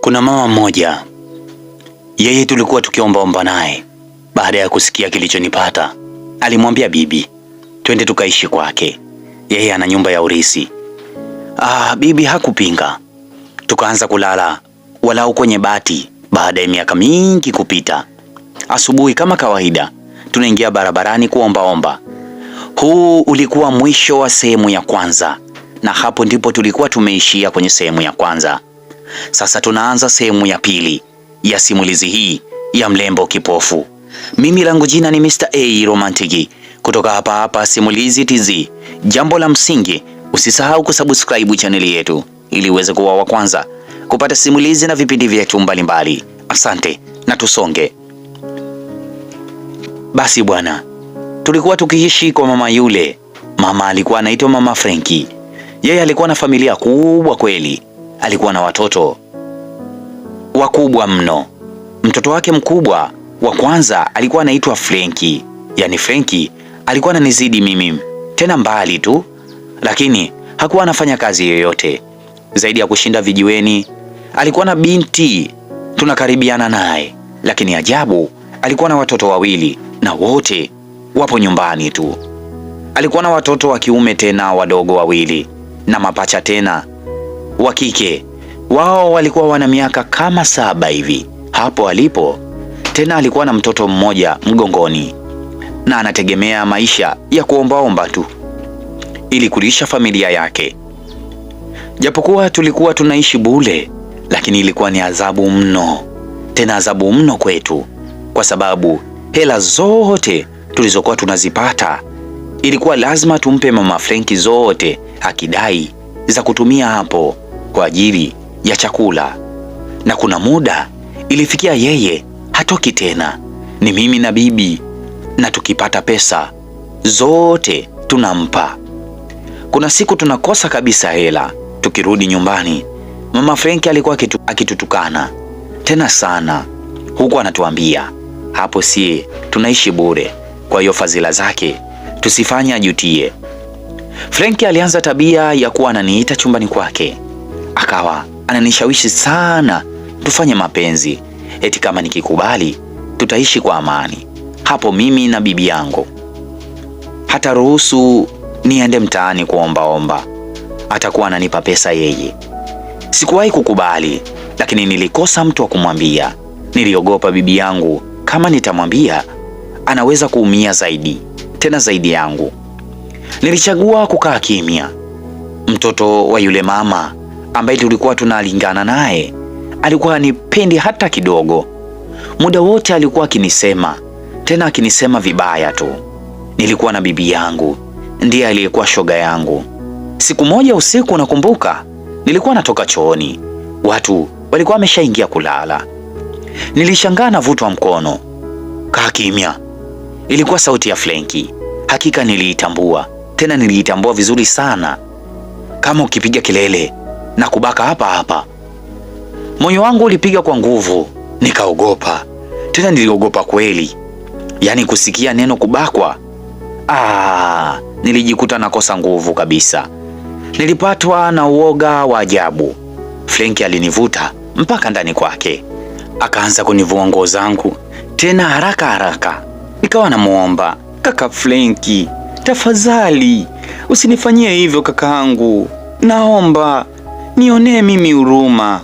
Kuna mama mmoja, yeye tulikuwa tukiombaomba naye. Baada ya kusikia kilichonipata, alimwambia bibi, twende tukaishi kwake, yeye ana nyumba ya urisi. Ah, bibi hakupinga, tukaanza kulala walau kwenye bati. Baada ya miaka mingi kupita, asubuhi kama kawaida, tunaingia barabarani kuombaomba. Huu ulikuwa mwisho wa sehemu ya kwanza, na hapo ndipo tulikuwa tumeishia kwenye sehemu ya kwanza. Sasa tunaanza sehemu ya pili ya simulizi hii ya mlembo kipofu. Mimi langu jina ni Mr. A Romantic kutoka hapa hapa Simulizi TZ. Jambo la msingi, usisahau kusubscribe chaneli yetu ili uweze kuwa wa kwanza kupata simulizi na vipindi vyetu mbalimbali. Asante na tusonge basi. Bwana, tulikuwa tukiishi kwa mama yule. Mama alikuwa anaitwa Mama Frenki. Yeye alikuwa na familia kubwa kweli alikuwa na watoto wakubwa mno. Mtoto wake mkubwa wa kwanza alikuwa anaitwa Frenki, yaani Frenki alikuwa ananizidi mimi tena mbali tu, lakini hakuwa anafanya kazi yoyote zaidi ya kushinda vijiweni. Alikuwa na binti tunakaribiana naye, lakini ajabu, alikuwa na watoto wawili na wote wapo nyumbani tu. Alikuwa na watoto wa kiume tena wadogo wawili na mapacha tena wa kike. Wao walikuwa wana miaka kama saba hivi hapo alipo. Tena alikuwa na mtoto mmoja mgongoni na anategemea maisha ya kuombaomba tu ili kulisha familia yake. Japokuwa tulikuwa tunaishi bule, lakini ilikuwa ni adhabu mno, tena adhabu mno kwetu, kwa sababu hela zote tulizokuwa tunazipata ilikuwa lazima tumpe mama Frenki zote akidai za kutumia hapo kwa ajili ya chakula, na kuna muda ilifikia yeye hatoki tena, ni mimi na bibi, na tukipata pesa zote tunampa. Kuna siku tunakosa kabisa hela, tukirudi nyumbani mama Frenki alikuwa kitu, akitutukana tena sana, huku anatuambia hapo sie tunaishi bure, kwa hiyo fadhila zake tusifanye ajutie. Frenki alianza tabia ya kuwa ananiita chumbani kwake akawa ananishawishi sana tufanye mapenzi, eti kama nikikubali tutaishi kwa amani hapo mimi na bibi yangu. hata ruhusu niende mtaani kuombaomba, atakuwa ananipa pesa yeye. Sikuwahi kukubali, lakini nilikosa mtu wa kumwambia. Niliogopa bibi yangu, kama nitamwambia anaweza kuumia zaidi, tena zaidi yangu. Nilichagua kukaa kimya. Mtoto wa yule mama ambaye tulikuwa tunalingana naye alikuwa anipendi hata kidogo. Muda wote alikuwa akinisema, tena akinisema vibaya tu. Nilikuwa na bibi yangu, ndiye aliyekuwa shoga yangu. Siku moja usiku, nakumbuka nilikuwa natoka chooni, watu walikuwa wameshaingia kulala. Nilishangaa navutwa mkono. Kaa kimya, ilikuwa sauti ya Flenki. Hakika niliitambua, tena niliitambua vizuri sana. Kama ukipiga kelele na kubaka hapa hapa. Moyo wangu ulipiga kwa nguvu, nikaogopa tena, niliogopa kweli, yaani kusikia neno kubakwa. Ah, nilijikuta nakosa nguvu kabisa, nilipatwa na uoga wa ajabu. Frenki alinivuta mpaka ndani kwake, akaanza kunivua nguo zangu tena haraka haraka. Nikawa namuomba kaka Frenki, tafadhali usinifanyie hivyo kakaangu, naomba nionee mimi huruma,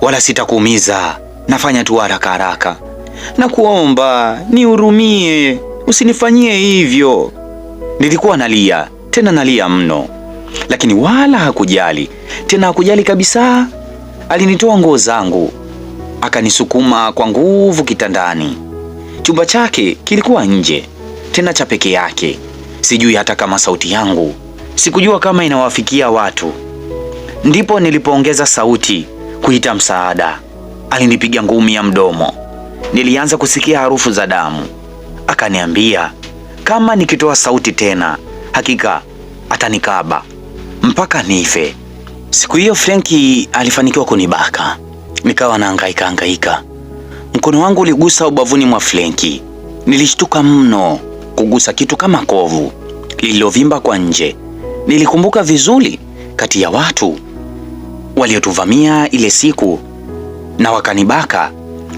wala sitakuumiza. Nafanya tu haraka haraka na kuomba nihurumie, usinifanyie hivyo. Nilikuwa nalia tena nalia mno, lakini wala hakujali tena, hakujali kabisa. Alinitoa nguo zangu akanisukuma kwa nguvu kitandani. Chumba chake kilikuwa nje, tena cha peke yake. Sijui hata kama sauti yangu sikujua kama inawafikia watu. Ndipo nilipoongeza sauti kuita msaada. Alinipiga ngumi ya mdomo, nilianza kusikia harufu za damu. Akaniambia kama nikitoa sauti tena, hakika atanikaba mpaka nife. Siku hiyo Frenki alifanikiwa kunibaka, nikawa naangaika angaika. Mkono wangu uligusa ubavuni mwa Frenki. Nilishtuka mno kugusa kitu kama kovu lililovimba kwa nje. Nilikumbuka vizuri, kati ya watu waliotuvamia ile siku na wakanibaka,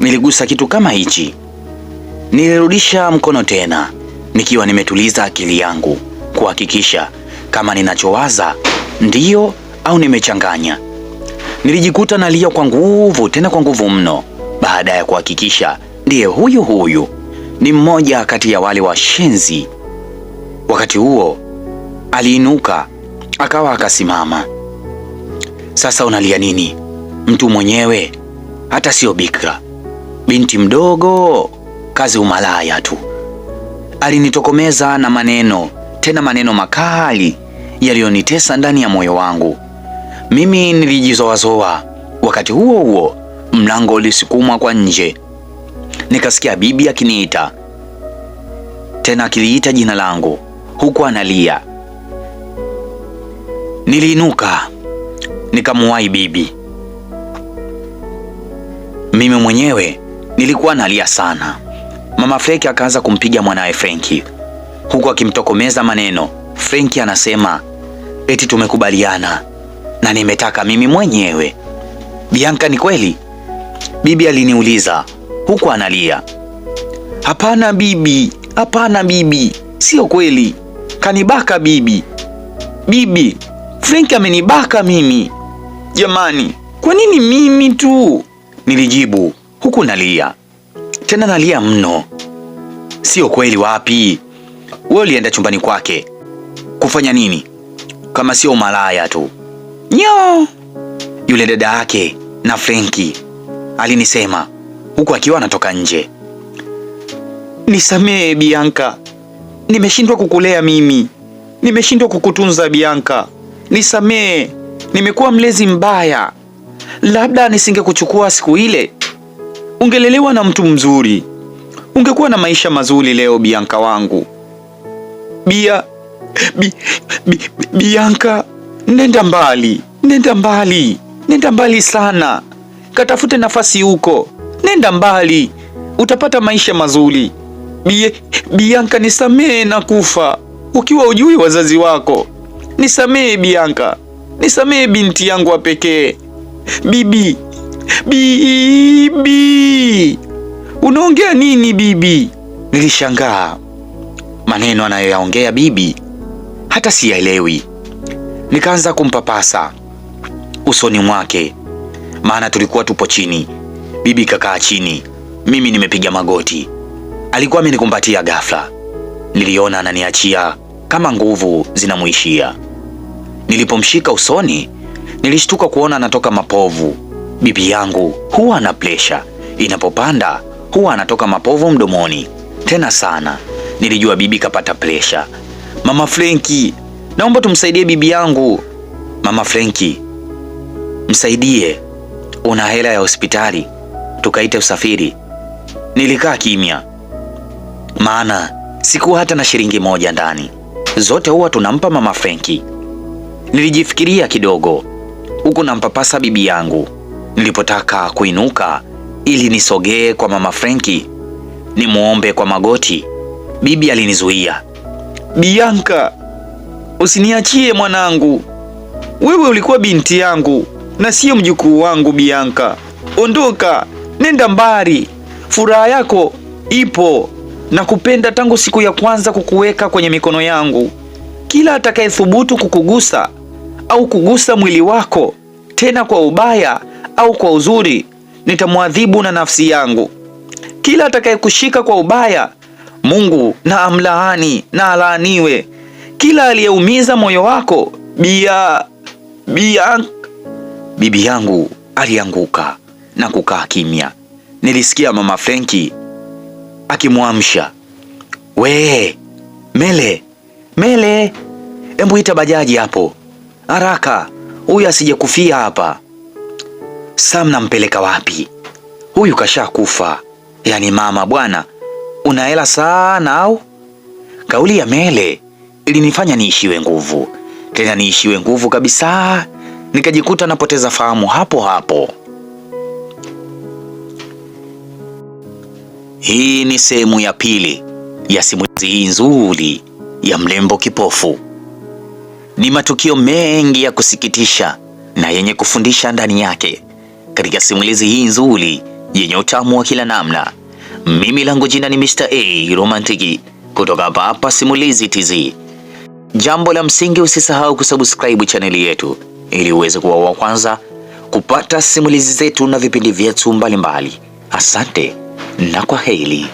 niligusa kitu kama hichi. Nilirudisha mkono tena nikiwa nimetuliza akili yangu kuhakikisha kama ninachowaza ndiyo au nimechanganya. Nilijikuta nalia kwa nguvu, tena kwa nguvu mno, baada ya kuhakikisha ndiye huyu huyu ni mmoja kati ya wale washenzi. Wakati huo aliinuka akawa akasimama. Sasa unalia nini? Mtu mwenyewe hata sio bikra, binti mdogo, kazi umalaya tu. Alinitokomeza na maneno, tena maneno makali yaliyonitesa ndani ya moyo wangu. Mimi nilijizoazoa. Wakati huo huo mlango ulisukumwa kwa nje, nikasikia bibi akiniita tena, akiliita jina langu huku analia. Niliinuka nikamuwahi bibi. Mimi mwenyewe nilikuwa nalia sana. Mama Frenki akaanza kumpiga mwanawe Frenki huku akimtokomeza maneno. Frenki anasema eti tumekubaliana na nimetaka mimi mwenyewe. Bianca, ni kweli? Bibi aliniuliza huku analia. Hapana bibi, hapana bibi, sio kweli, kanibaka bibi, bibi Frenki amenibaka mimi jamani, kwa nini mimi tu? Nilijibu huku nalia tena, nalia mno. Sio kweli. Wapi wewe, ulienda chumbani kwake kufanya nini kama sio umalaya tu? Nyo, yule dada yake na Frenki alinisema huku akiwa anatoka nje. Nisamehe Bianca, nimeshindwa kukulea mimi, nimeshindwa kukutunza Bianca, nisamehe nimekuwa mlezi mbaya, labda nisingekuchukua siku ile, ungelelewa na mtu mzuri, ungekuwa na maisha mazuri leo, bianka wangu. Bia, bi, bi, Bianka, nenda mbali, nenda mbali, nenda mbali sana, katafute nafasi huko, nenda mbali, utapata maisha mazuri. Bie, Bianka, nisamehe na kufa ukiwa ujui wazazi wako, nisamehe bianka nisamehe binti yangu wa pekee. Bibi, bibi, unaongea nini bibi? Nilishangaa maneno anayoyaongea bibi, hata siyaelewi. Nikaanza kumpapasa usoni mwake, maana tulikuwa tupo chini. Bibi kakaa chini, mimi nimepiga magoti. Alikuwa amenikumbatia ghafla, niliona ananiachia kama nguvu zinamwishia. Nilipomshika usoni, nilishtuka kuona anatoka mapovu. Bibi yangu huwa ana presha, inapopanda huwa anatoka mapovu mdomoni, tena sana. Nilijua bibi kapata presha. Mama Frenki, naomba tumsaidie bibi yangu. Mama Frenki, msaidie? Una hela ya hospitali? Tukaite usafiri. Nilikaa kimya, maana sikuwa hata na shilingi moja ndani. Zote huwa tunampa mama Frenki. Nilijifikiria kidogo huku nampapasa bibi yangu. Nilipotaka kuinuka ili nisogee kwa mama Frenki nimwombe kwa magoti, bibi alinizuia. Bianca, usiniachie mwanangu, wewe ulikuwa binti yangu na sio mjukuu wangu. Bianca, ondoka, nenda mbali. Furaha yako ipo na kupenda tangu siku ya kwanza kukuweka kwenye mikono yangu. Kila atakayethubutu kukugusa au kugusa mwili wako tena kwa ubaya au kwa uzuri, nitamwadhibu na nafsi yangu. Kila atakayekushika kwa ubaya, Mungu na amlaani na alaaniwe. Kila aliyeumiza moyo wako, bia, bia, bibi yangu alianguka na kukaa kimya. Nilisikia mama Frenki akimwamsha, wee Mele, Mele, embu ita bajaji hapo haraka, huyu asije kufia hapa. Sam nampeleka wapi huyu? Kashakufa yaani mama bwana, una hela sana au? Kauli ya Mele ilinifanya niishiwe nguvu, tena niishiwe nguvu kabisa, nikajikuta napoteza fahamu hapo hapo. Hii ni sehemu ya pili ya simulizi hii nzuri ya mlembo kipofu. Ni matukio mengi ya kusikitisha na yenye kufundisha ndani yake katika simulizi hii nzuri yenye utamu wa kila namna. Mimi langu jina ni Mr. A Romantiki kutoka hapa hapa Simulizi Tz. Jambo la msingi, usisahau kusubscribe chaneli yetu ili uweze kuwa wa kwanza kupata simulizi zetu na vipindi vyetu mbalimbali. Asante na kwa heri.